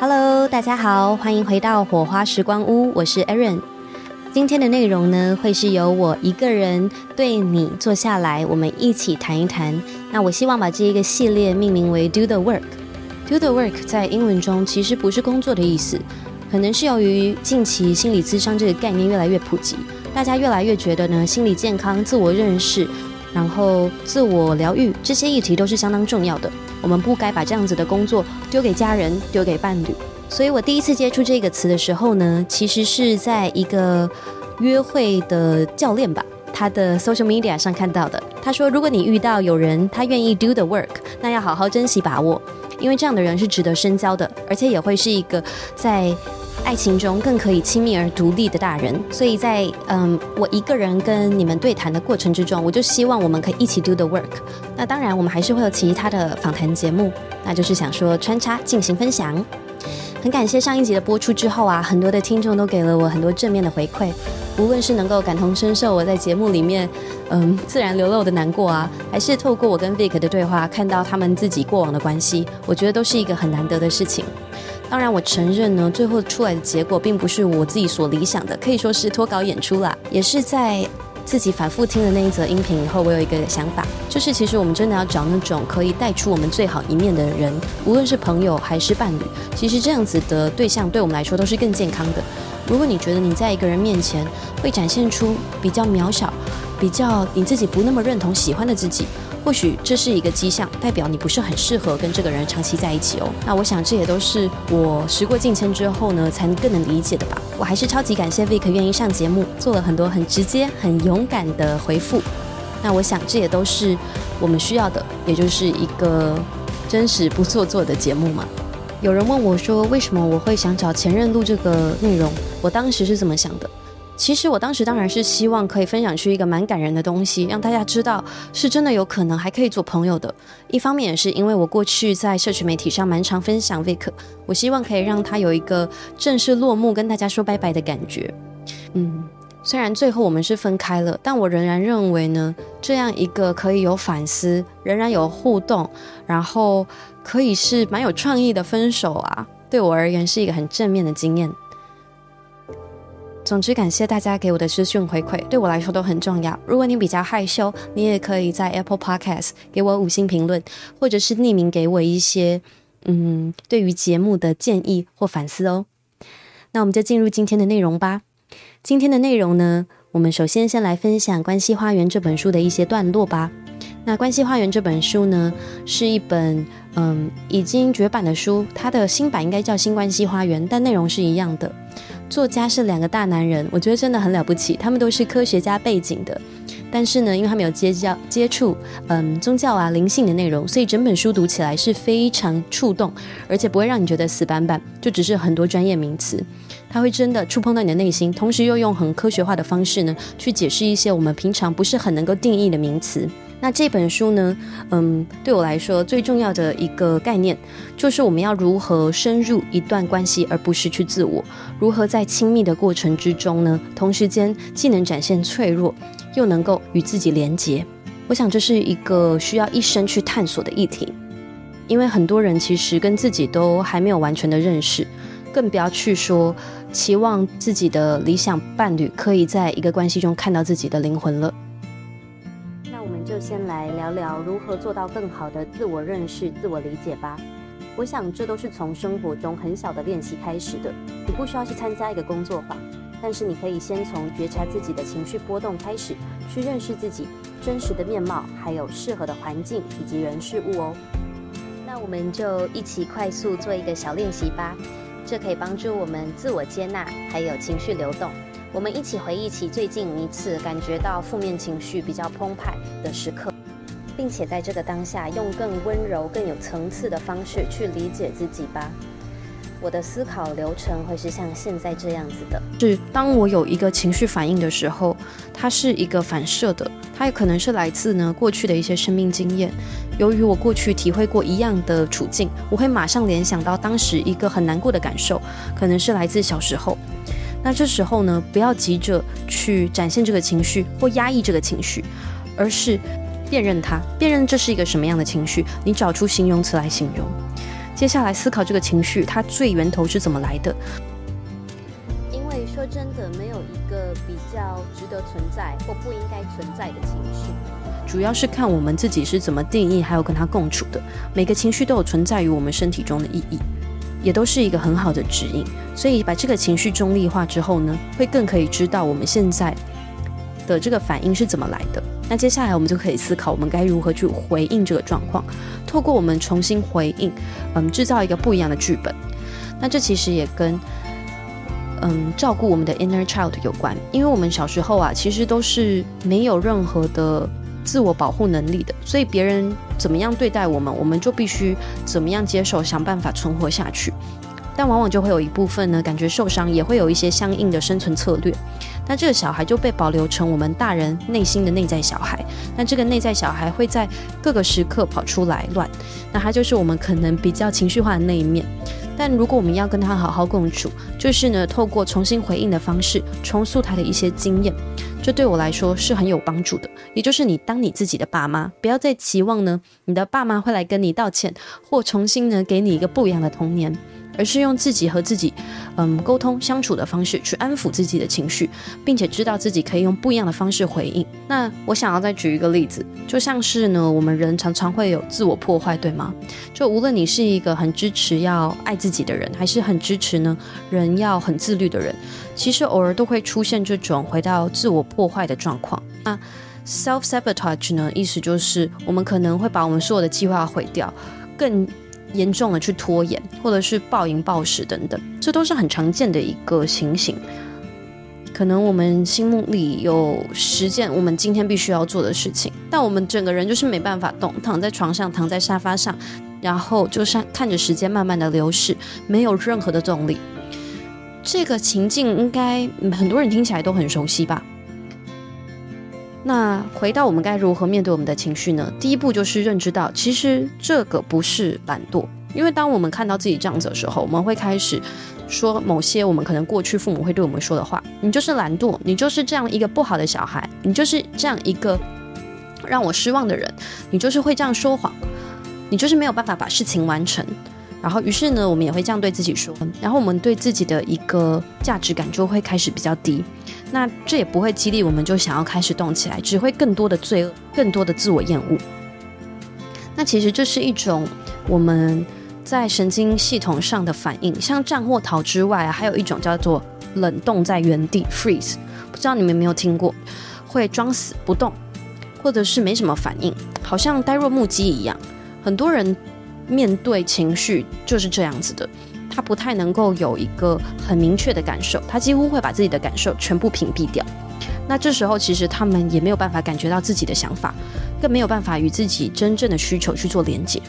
Hello，大家好，歡迎回到火花拾光屋，我是 Erin。今天的內容呢，會是由我一個人對你坐下來，我們一起談一談。那我希望把這一個系列命名為 “Do the Work”。Do the Work 在英文中其實不是工作的意思，可能是由於近期心理諮商這個概念越來越普及，大家越來越覺得呢，心理健康、自我認識、然後自我療癒這些議題都是相當重要的。我們不該把這樣子的工作丟給家人，丟給伴侶。所以我第一次接觸這個詞的時候呢，其實是在一個約會的教練吧，他的 social media 上看到的。他說，如果你遇到有人他願意 do the work，那要好好珍惜把握，因為這樣的人是值得深交的，而且也會是一個在。愛情中更可以親密而獨立的大人，所以在嗯，我一個人跟你們對談的過程之中，我就希望我們可以一起 do the work。那當然，我們還是會有其他的訪談節目，那就是想說穿插進行分享。很感謝上一集的播出之後啊，很多的聽眾都給了我很多正面的回饋，無論是能夠感同身受我在節目裡面嗯自然流露的難過啊，還是透過我跟 Vic 的對話看到他們自己過往的關係，我覺得都是一個很難得的事情。當然，我承認呢，最後出來的結果並不是我自己所理想的，可以說是脫稿演出啦，也是在自己反復聽的那一則音頻以後，我有一個想法，就是其實我們真的要找那種可以帶出我們最好一面的人，無論是朋友還是伴侶，其實這樣子的對象對我們來說都是更健康的。如果你覺得你在一個人面前會展現出比較渺小、比較你自己不那麼認同喜歡的自己。或許這是一個跡象，代表你不是很適合跟這個人長期在一起哦。那我想這也都是我時過境遷之後呢，才能更能理解的吧。我還是超級感謝 Vic 願意上節目，做了很多很直接、很勇敢的回復。那我想這也都是我們需要的，也就是一個真實不做作的節目嘛。有人問我說，為什麼我會想找前任錄這個內容？我當時是怎麼想的？其實我當時當然是希望可以分享出一個蠻感人的東西，讓大家知道是真的有可能還可以做朋友的。一方面也是因為我過去在社群媒體上蠻常分享 Vic，我希望可以讓他有一個正式落幕，跟大家說拜拜的感覺。嗯，雖然最後我們是分開了，但我仍然認為呢，這樣一個可以有反思，仍然有互動，然後可以是蠻有創意的分手啊，對我而言是一個很正面的經驗。總之，感謝大家給我的資訊回饋，對我來說都很重要。如果你比較害羞，你也可以在 Apple Podcast 給我五星評論，或者是匿名給我一些嗯，對於節目的建議或反思哦。那我們就進入今天的內容吧。今天的內容呢，我們首先先來分享《關係花園》這本書的一些段落吧。那《關係花園》這本書呢，是一本嗯，已經絕版的書，它的新版應該叫《新關係花園》，但內容是一樣的。作家是兩個大男人，我覺得真的很了不起。他們都是科學家背景的，但是呢，因為他們有接教接觸，嗯，宗教啊、靈性的內容，所以整本書讀起來是非常觸動，而且不會讓你覺得死板板，就只是很多專業名詞。他會真的觸碰到你的內心，同時又用很科學化的方式呢，去解釋一些我們平常不是很能夠定義的名詞。那這本書呢，嗯，對我來說最重要的一個概念，就是我們要如何深入一段關係而不失去自我，如何在親密的過程之中呢，同時間既能展現脆弱，又能夠與自己連結。我想這是一個需要一生去探索的議題，因為很多人其實跟自己都還沒有完全的認識，更不要去說期望自己的理想伴侶可以在一個關係中看到自己的靈魂了。先來聊聊如何做到更好的自我認識、自我理解吧。我想這都是從生活中很小的練習開始的，你不需要去參加一個工作坊，但是你可以先從覺察自己的情緒波動開始，去認識自己真實的面貌，還有適合的環境以及人事物哦。那我們就一起快速做一個小練習吧，這可以幫助我們自我接納，還有情緒流動。我們一起回憶起最近一次感覺到負面情緒比較澎湃的時刻，並且在這個當下，用更溫柔、更有層次的方式去理解自己吧。我的思考流程會是像現在這樣子的：是當我有一個情緒反應的時候，它是一個反射的，它也可能是來自呢過去的一些生命經驗。由於我過去體會過一樣的處境，我會馬上聯想到當時一個很難過的感受，可能是來自小時候。那這時候呢，不要急着去展現這個情緒或壓抑這個情緒，而是辨認它，辨認這是一個什麼樣的情緒，你找出形容詞來形容。接下來思考這個情緒，它最源頭是怎麼來的？因為說真的，沒有一個比較值得存在或不應該存在的情緒。主要是看我們自己是怎麼定義，還有跟它共處的。每個情緒都有存在於我們身體中的意義。也都是一個很好的指引，所以把這個情緒中立化之後呢，會更可以知道我們現在的這個反應是怎麼來的。那接下來我們就可以思考，我們該如何去回應這個狀況，透過我們重新回應，嗯，製造一個不一樣的劇本。那這其實也跟，嗯，照顧我們的 inner child 有關，因為我們小時候啊，其實都是沒有任何的。自我保護能力的，所以別人怎麼樣對待我們，我們就必須怎麼樣接受，想辦法存活下去。但往往就會有一部分呢，感覺受傷，也會有一些相應的生存策略。那這個小孩就被保留成我們大人內心的內在小孩。那這個內在小孩會在各個時刻跑出來亂。那他就是我們可能比較情緒化的那一面。但如果我們要跟他好好共處，就是呢，透過重新回應的方式，重塑他的一些經驗。這對我來說是很有幫助的，也就是你當你自己的爸媽，不要再期望呢，你的爸媽會來跟你道歉或重新呢給你一個不一樣的童年，而是用自己和自己，嗯溝通相處的方式去安撫自己的情緒，並且知道自己可以用不一樣的方式回應。那我想要再舉一個例子，就像是呢，我們人常常會有自我破壞，對嗎？就無論你是一個很支持要愛自己的人，還是很支持呢，人要很自律的人。其實偶爾都會出現這種回到自我破壞的狀況。那 self sabotage 呢？意思就是我們可能會把我們所有的計劃毀掉，更嚴重的去拖延，或者是暴飲暴食等等，這都是很常見的一個情形。可能我們心目裡有十件我們今天必須要做的事情，但我們整個人就是沒辦法動，躺在床上，躺在沙發上，然後就是看着時間慢慢的流逝，沒有任何的動力。這個情境應該很多人聽起來都很熟悉吧？那回到我們該如何面對我們的情緒呢？第一步就是認知到，其實這個不是懶惰，因為當我們看到自己這樣子的時候，我們會開始說某些我們可能過去父母會對我們說的話：“你就是懶惰，你就是這樣一個不好的小孩，你就是這樣一個讓我失望的人，你就是會這樣說謊，你就是沒有辦法把事情完成。”然後，於是呢，我們也會這樣對自己說，然後我們對自己的一個價值感就會開始比較低，那這也不會激勵我們，就想要開始動起來，只會更多的罪惡，更多的自我厭惡。那其實這是一種我們在神經系統上的反應，像戰或逃之外啊，還有一種叫做冷凍在原地 （freeze），不知道你們有沒有聽過，會裝死不動，或者是沒什麼反應，好像呆若木雞一樣，很多人。面對情緒就是這樣子的，他不太能夠有一個很明確的感受，他幾乎會把自己的感受全部屏蔽掉。那這時候其實他們也沒有辦法感覺到自己的想法，更沒有辦法與自己真正的需求去做連接。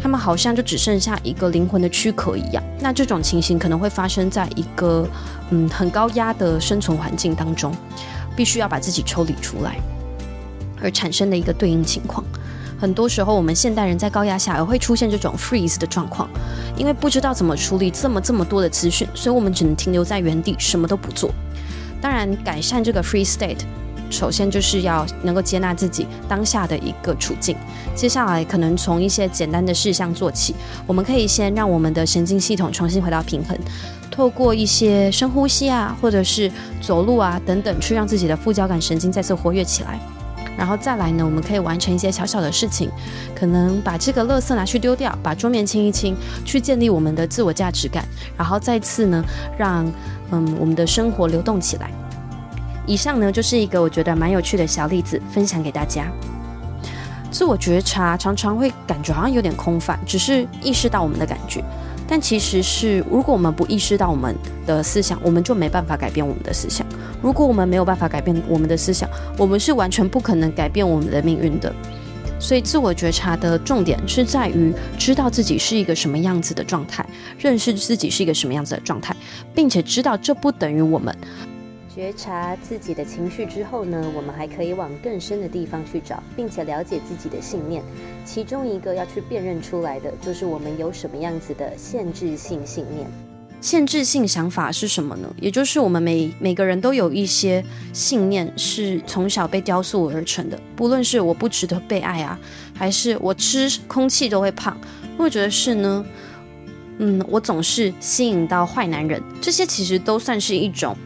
他們好像就只剩下一個靈魂的軀殼一樣。那這種情形可能會發生在一個嗯很高壓的生存環境當中，必須要把自己抽離出來，而產生的一個對應情況。很多時候，我們現代人在高壓下，也會出現這種 freeze 的狀況，因為不知道怎麼處理這麼這麼多的資訊，所以我們只能停留在原地，什麼都不做。當然，改善這個 freeze state，首先就是要能夠接納自己當下的一個處境，接下來可能從一些簡單的事項做起。我們可以先讓我們的神經系統重新回到平衡，透過一些深呼吸啊，或者是走路啊等等，去讓自己的副交感神經再次活躍起來。然後再來呢，我們可以完成一些小小的事情，可能把這個垃圾拿去丟掉，把桌面清一清，去建立我們的自我價值感，然後再次呢，讓嗯我們的生活流動起來。以上呢就是一個我覺得蠻有趣的小例子，分享給大家。自我覺察常常會感覺好像有點空泛，只是意識到我們的感覺。但其實是，如果我們不意識到我們的思想，我們就沒辦法改變我們的思想。如果我們沒有辦法改變我們的思想，我們是完全不可能改變我們的命運的。所以，自我覺察的重點是在於知道自己是一個什麼樣子的狀態，認識自己是一個什麼樣子的狀態，並且知道這不等於我們。覺察自己的情緒之後呢，我們還可以往更深的地方去找，並且了解自己的信念。其中一個要去辨認出來的，就是我們有什麼樣子的限制性信念。限制性想法是什麼呢？也就是我們每每個人都有一些信念是從小被雕塑而成的，不論是我不值得被愛啊，還是我吃空氣都會胖，或者是呢，嗯，我總是吸引到壞男人。這些其實都算是一種。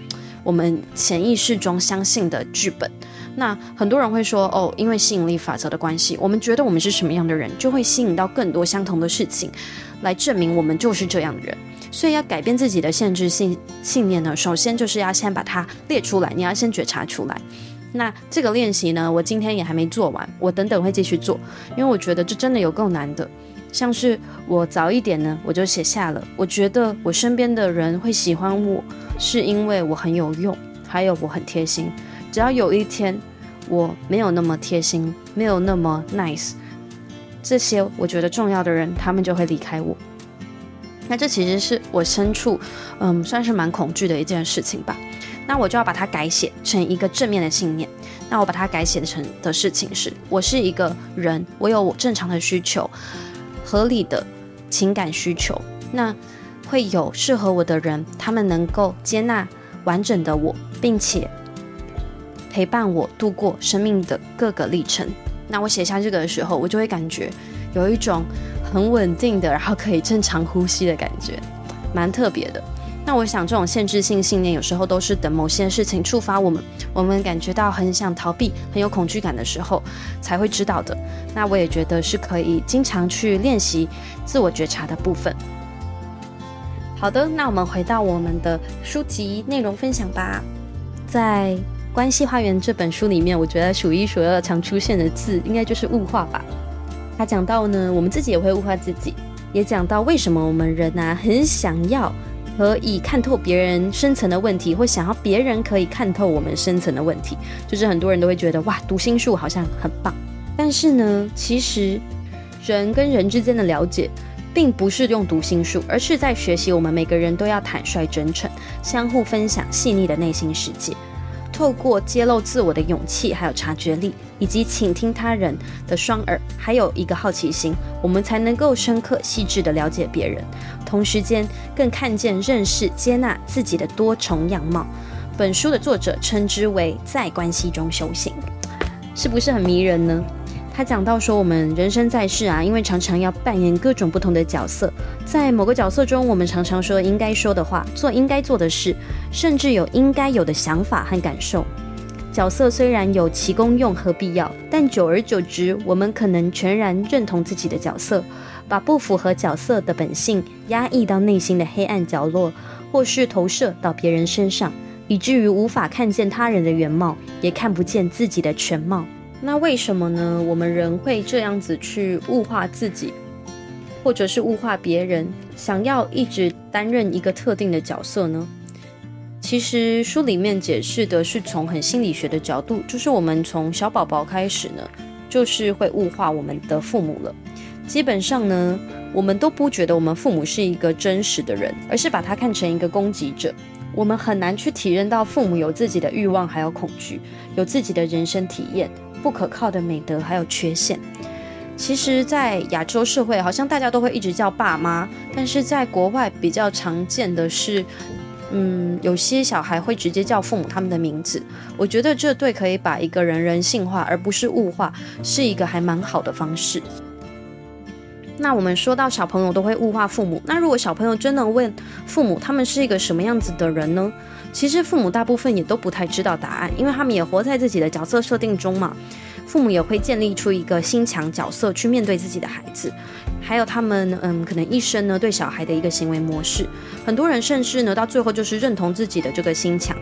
我們潛意識中相信的劇本，那很多人會說哦，因為吸引力法則的關係，我們覺得我們是什麼樣的人，就會吸引到更多相同的事情，來證明我們就是這樣的人。所以要改變自己的限制性信念呢，首先就是要先把它列出來，你要先覺察出來。那這個練習呢，我今天也還沒做完，我等等會繼續做，因為我覺得這真的有夠難的，像是我早一點呢，我就寫下了，我覺得我身邊的人會喜歡我，是因為我很有用，還有我很貼心。只要有一天我沒有那麼貼心，沒有那麼 nice，這些我覺得重要的人，他們就會離開我。那這其實是我深處，嗯，算是蠻恐懼的一件事情吧。那我就要把它改寫成一個正面的信念。那我把它改寫成的事情是：我是一個人，我有我正常的需求，合理的情感需求。那會有適合我的人，他們能夠接納完整的我，並且陪伴我度過生命的各個歷程。那我寫下這個的時候，我就會感覺有一種很穩定的，然後可以正常呼吸的感覺，蠻特別的。那我想，這種限制性信念有時候都是等某些事情觸發我們，我們感覺到很想逃避、很有恐懼感的時候才會知道的。那我也覺得是可以經常去練習自我覺察的部分。好的，那我們回到我們的書籍內容分享吧。在《關係花園》這本書裡面，我覺得數一數二常出現的字，應該就是物化吧？它講到呢，我們自己也會物化自己，也講到為什麼我們人吶、啊、很想要可以看透別人深層的問題，或想要別人可以看透我們深層的問題。就是很多人都會覺得，哇，讀心術好像很棒，但是呢，其實人跟人之間的了解，並不是用讀心術，而是在學習。我們每個人都要坦率真誠，相互分享細膩的內心世界。透過揭露自我的勇氣，還有察覺力，以及傾聽他人的雙耳，還有一個好奇心，我們才能夠深刻細緻地了解別人。同時間，更看見、認識、接納自己的多重樣貌。本書的作者稱之為在關係中修行，是不是很迷人呢？他講到說，我們人生在世啊，因為常常要扮演各種不同的角色，在某個角色中，我們常常說應該說的話，做應該做的事，甚至有應該有的想法和感受。角色雖然有其功用和必要，但久而久之，我們可能全然認同自己的角色，把不符合角色的本性壓抑到內心的黑暗角落，或是投射到別人身上，以至於無法看見他人的原貌，也看不見自己的全貌。那為什麼呢？我們人會這樣子去物化自己，或者是物化別人，想要一直擔任一個特定的角色呢？其實書裡面解釋的是，從很心理學的角度，就是我們從小寶寶開始呢，就是會物化我們的父母了。基本上呢，我們都不覺得我們父母是一個真實的人，而是把他看成一個攻擊者。我們很難去體驗到父母有自己的慾望，還有恐懼，有自己的人生體驗。不可靠的美德還有缺陷。其實，在亞洲社會，好像大家都會一直叫爸媽，但是在國外比較常見的是，嗯，有些小孩會直接叫父母他們的名字。我覺得這對可以把一個人人性化，而不是物化，是一個還蠻好的方式。那我們說到小朋友都會物化父母，那如果小朋友真的問父母，他們是一個什麼樣子的人呢？其實父母大部分也都不太知道答案，因為他們也活在自己的角色設定中嘛。父母也會建立出一個心牆角色去面對自己的孩子，還有他們嗯可能一生呢對小孩的一個行為模式，很多人甚至呢到最後就是認同自己的這個心牆。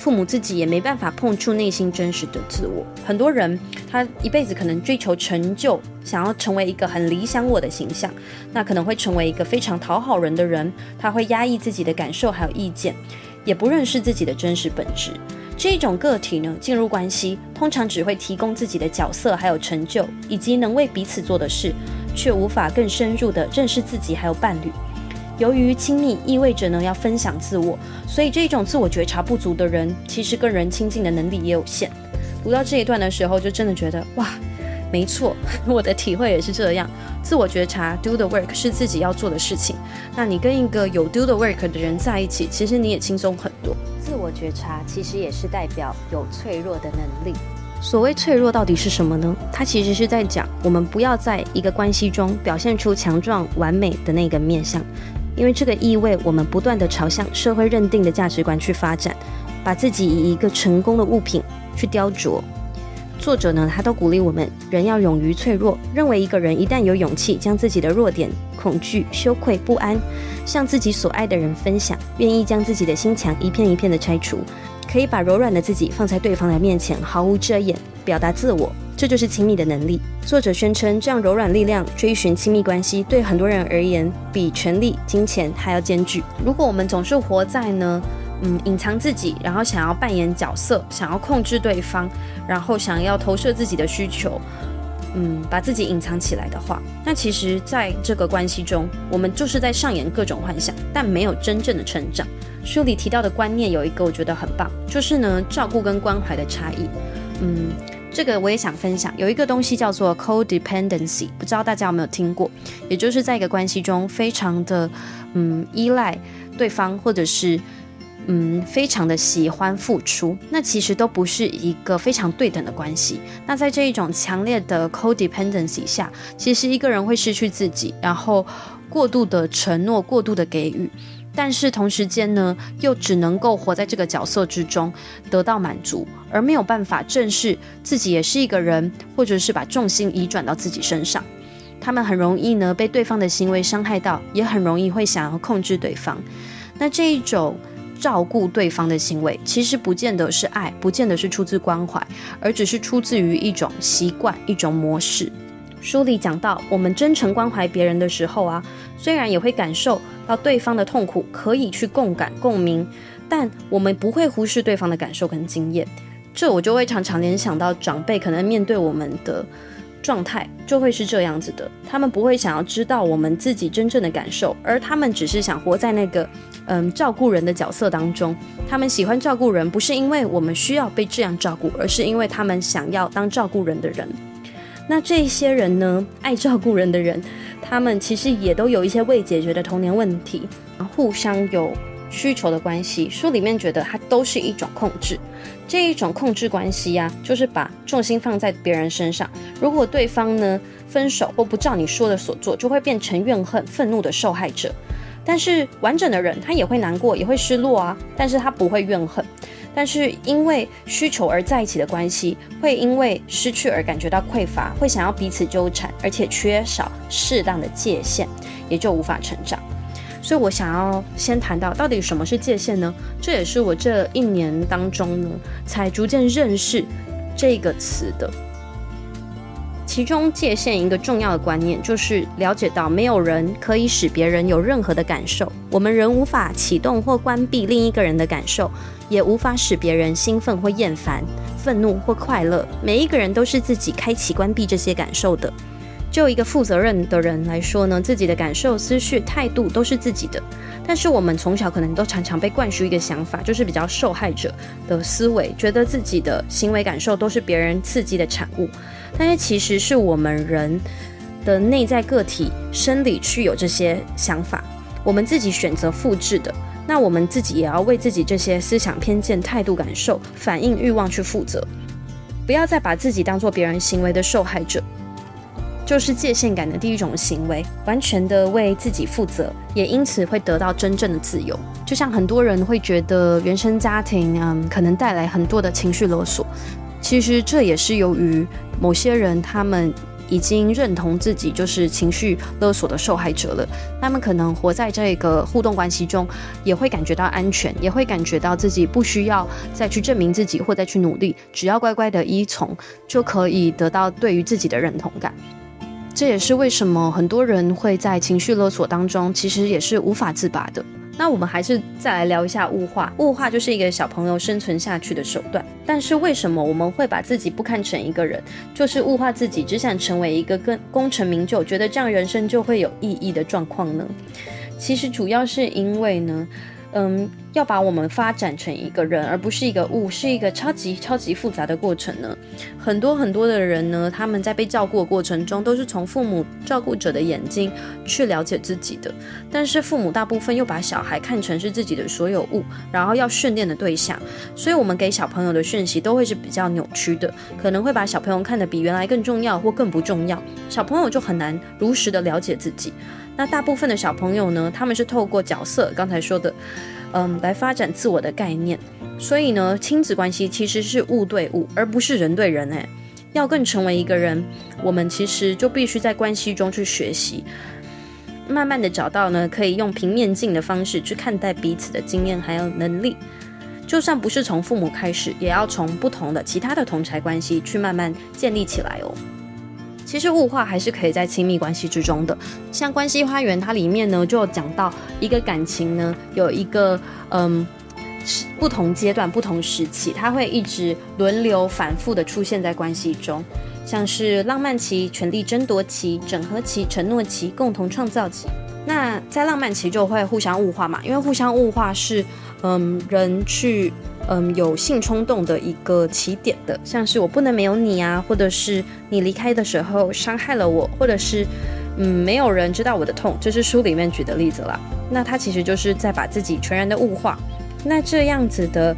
父母自己也沒辦法碰觸內心真實的自我。很多人，他一輩子可能追求成就，想要成為一個很理想我的形象，那可能會成為一個非常討好人的人。他會壓抑自己的感受還有意見，也不認識自己的真實本質。這種個體呢，進入關係通常只會提供自己的角色還有成就，以及能為彼此做的事，卻無法更深入地認識自己還有伴侶。由於親密意味着呢，要分享自我，所以這種自我覺察不足的人，其實跟人親近的能力也有限。讀到這一段的時候，就真的覺得哇，沒錯，我的體會也是這樣。自我覺察，do the work 是自己要做的事情。那你跟一個有 do the work 的人在一起，其實你也輕鬆很多。自我覺察其實也是代表有脆弱的能力。所謂脆弱到底是什麼呢？它其實是在講，我們不要在一個關係中表現出強壯完美的那個面相。因為這個意味，我們不斷地朝向社會認定的價值觀去發展，把自己以一個成功的物品去雕琢。作者呢，他都鼓勵我們人要勇於脆弱，認為一個人一旦有勇氣將自己的弱點、恐懼、羞愧、不安向自己所愛的人分享，願意將自己的心牆一片一片的拆除，可以把柔軟的自己放在對方的面前，毫無遮掩，表達自我。這就是親密的能力。作者宣稱，這樣柔軟力量追尋親密關係，對很多人而言，比權力、金錢還要艱巨。如果我們總是活在呢，嗯，隱藏自己，然後想要扮演角色，想要控制對方，然後想要投射自己的需求，嗯，把自己隱藏起來的話，那其實，在這個關係中，我們就是在上演各種幻想，但沒有真正的成長。書裡提到的觀念有一個，我覺得很棒，就是呢，照顧跟關懷的差異，嗯。這個我也想分享，有一個東西叫做 Codependency，不知道大家有沒有聽過？也就是在一個關係中，非常的，嗯，依賴對方，或者是，嗯，非常的喜歡付出，那其實都不是一個非常對等的關係。那在這一種強烈的 Codependency 下，其實一個人會失去自己，然後過度的承諾，過度的給予。但是同時間呢，又只能夠活在這個角色之中，得到滿足，而沒有辦法正視自己也是一個人，或者是把重心移轉到自己身上。他們很容易呢，被對方的行為傷害到，也很容易會想要控制對方。那這一種照顧對方的行為，其實不見得是愛，不見得是出自關懷，而只是出自於一種習慣、一種模式。書裡講到，我們真誠關懷別人的時候啊，雖然也會感受到對方的痛苦，可以去共感共鳴，但我們不會忽視對方的感受跟經驗。這我就會常常聯想到長輩可能面對我們的狀態，就會是這樣子的。他們不會想要知道我們自己真正的感受，而他們只是想活在那個嗯，照顧人的角色當中。他們喜歡照顧人，不是因為我們需要被這樣照顧，而是因為他們想要當照顧人的人。那這些人呢，愛照顧人的人，他們其實也都有一些未解決的童年問題，互相有需求的關係。書裡面覺得它都是一種控制，這一種控制關係呀、啊，就是把重心放在別人身上。如果對方呢，分手或不照你說的所做，就會變成怨恨、憤怒的受害者。但是完整的人，他也會難過，也會失落啊，但是他不會怨恨。但是，因為需求而在一起的關係，會因為失去而感覺到匱乏，會想要彼此糾纏，而且缺少適當的界限，也就無法成長。所以我想要先談到，到底什麼是界限呢？這也是我這一年當中呢，才逐漸認識這個詞的。其中，界限一個重要的觀念，就是了解到沒有人可以使別人有任何的感受，我們人無法啟動或關閉另一個人的感受。也無法使別人興奮或厭煩、憤怒或快樂。每一個人都是自己開啟、關閉這些感受的。就一個負責任的人來說呢，自己的感受、思緒、態度都是自己的。但是我們從小可能都常常被灌輸一個想法，就是比較受害者的思維，覺得自己的行為、感受都是別人刺激的產物。但是其實是我們人的內在個體生理去有這些想法，我們自己選擇複制的。那我們自己也要為自己這些思想偏見、態度、感受、反應、慾望去負責，不要再把自己當做別人行為的受害者，就是界限感的第一種行為，完全的為自己負責，也因此會得到真正的自由。就像很多人會覺得原生家庭，嗯，可能帶來很多的情緒勒索，其實這也是由於某些人他們。已經認同自己就是情緒勒索的受害者了，他們可能活在這個互動關係中，也會感覺到安全，也會感覺到自己不需要再去證明自己或再去努力，只要乖乖的依從，就可以得到對於自己的認同感。這也是為什麼很多人會在情緒勒索當中，其實也是無法自拔的。那我們還是再來聊一下物化。物化就是一個小朋友生存下去的手段。但是為什麼我們會把自己不看成一個人，就是物化自己，只想成為一個更功成名就，覺得這樣人生就會有意義的狀況呢？其實主要是因為呢，嗯。要把我們發展成一個人，而不是一個物，是一個超級超級複雜的過程呢。很多很多的人呢，他們在被照顧的過程中，都是從父母照顧者的眼睛去了解自己的。但是父母大部分又把小孩看成是自己的所有物，然後要訓練的對象，所以我們給小朋友的訊息都會是比較扭曲的，可能會把小朋友看得比原來更重要或更不重要，小朋友就很難如實的了解自己。那大部分的小朋友呢，他們是透過角色剛才說的。嗯，來發展自我的概念。所以呢，親子關係其實是物對物，而不是人對人欸。誒，要更成為一個人，我們其實就必須在關係中去學習，慢慢的找到呢，可以用平面鏡的方式去看待彼此的經驗還有能力。就算不是從父母開始，也要從不同的其他的同儕關係去慢慢建立起來哦。其實物化，還是可以在親密關係之中的，像《關係花園》，它裡面呢就講到一個感情呢，有一個嗯，不同階段不同時期，它會一直輪流反復的出現在關係中，像是浪漫期、權力爭奪期、整合期、承諾期、共同創造期。那在浪漫期就會互相物化嘛，因為互相物化是嗯人去。嗯，有性衝動的一個起點的，像是我不能沒有你啊，或者是你離開的時候傷害了我，或者是，嗯，沒有人知道我的痛，這是書裡面舉的例子了。那他其實就是在把自己全然的物化。那這樣子的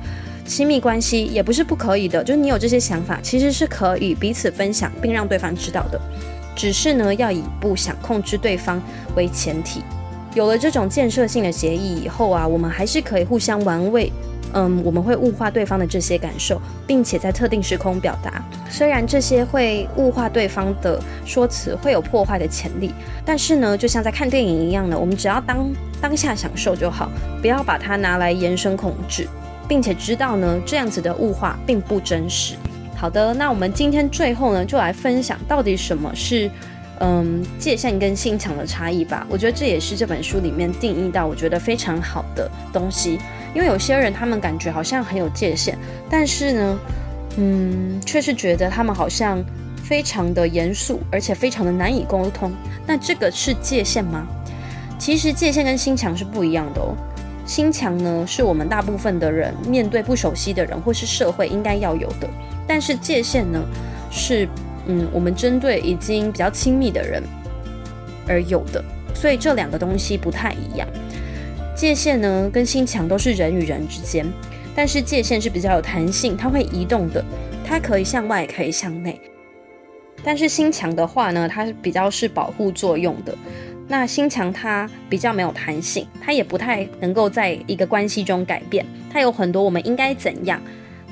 親密關係也不是不可以的，就是你有這些想法其實是可以彼此分享並讓對方知道的，只是呢要以不想控制對方為前提。有了這種建設性的協議以後啊，我們還是可以互相玩味，嗯，我們會物化對方的這些感受，並且在特定時空表達。雖然這些會物化對方的說辭會有破壞的潛力，但是呢，就像在看電影一樣呢，我們只要當當下享受就好，不要把它拿來延伸控制，並且知道呢，這樣子的物化並不真實。好的，那我們今天最後呢，就來分享到底什麼是。嗯，界限跟心牆的差異吧，我覺得這也是這本書裡面定義到我覺得非常好的東西。因為有些人他們感覺好像很有界限，但是呢，嗯，卻是覺得他們好像非常的嚴肅，而且非常的難以溝通。那這個是界限嗎？其實界限跟心牆是不一樣的哦。心牆呢，是我們大部分的人面對不熟悉的人或是社會應該要有的，但是界限呢，是。嗯，我們針對已經比較親密的人而有的，所以這兩個東西不太一樣。界線呢，跟心牆都是人與人之間，但是界線是比較有彈性，它會移動的，它可以向外，可以向內。但是心牆的話呢，它是比較是保護作用的。那心牆它比較沒有彈性，它也不太能夠在一個關係中改變，它有很多我們應該怎樣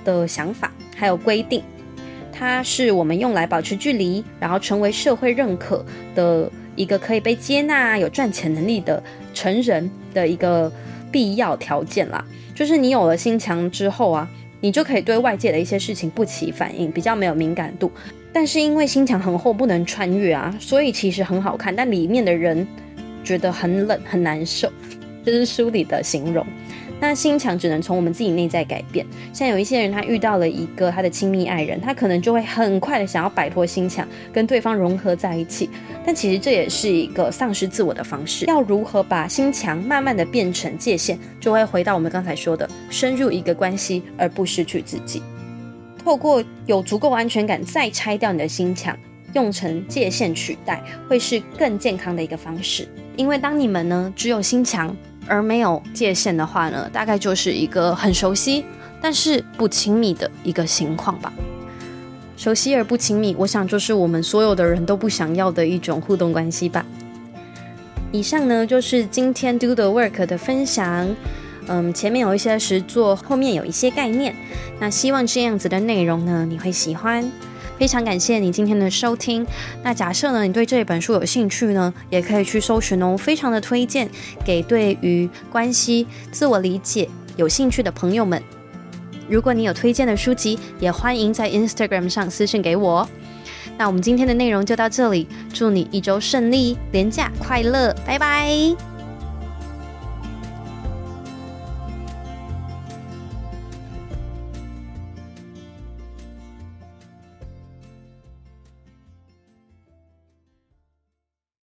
的想法，還有規定。它是我們用來保持距離，然後成為社會認可的一個可以被接納、有賺錢能力的成人的一個必要條件啦。就是你有了心牆之後啊，你就可以對外界的一些事情不起反應，比較沒有敏感度。但是因為心牆很厚，不能穿越啊，所以其實很好看，但裡面的人覺得很冷、很難受。這是書裡的形容。那心牆只能從我們自己內在改變。像有一些人，他遇到了一個他的親密愛人，他可能就會很快的想要擺脫心牆，跟對方融合在一起。但其實這也是一個喪失自我的方式。要如何把心牆慢慢的變成界線，就會回到我們剛才說的，深入一個關係而不失去自己。透過有足夠安全感，再拆掉你的心牆，用成界線取代，會是更健康的一個方式。因為當你們呢，只有心牆。而沒有界限的話呢，大概就是一個很熟悉但是不親密的一個情況吧。熟悉而不親密，我想就是我們所有的人都不想要的一種互動關係吧。以上呢，就是今天 Do the Work 的分享。嗯，前面有一些實作，後面有一些概念。那希望這樣子的內容呢，你會喜歡。非常感謝你今天的收聽。那假設呢，你對這本書有興趣呢，也可以去搜尋哦，非常的推薦給對於關係、自我理解有興趣的朋友們。如果你有推薦的書籍，也歡迎在 Instagram 上私信給我。那我們今天的內容就到這裡，祝你一周順利、連假快樂，拜拜。